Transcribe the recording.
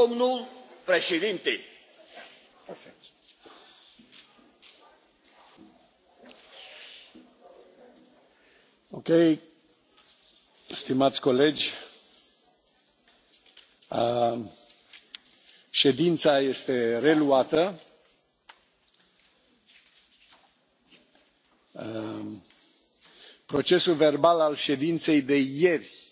domnul președinte okay. stimați colegi uh, ședința este reluată. Uh, procesul verbal al ședinței de ieri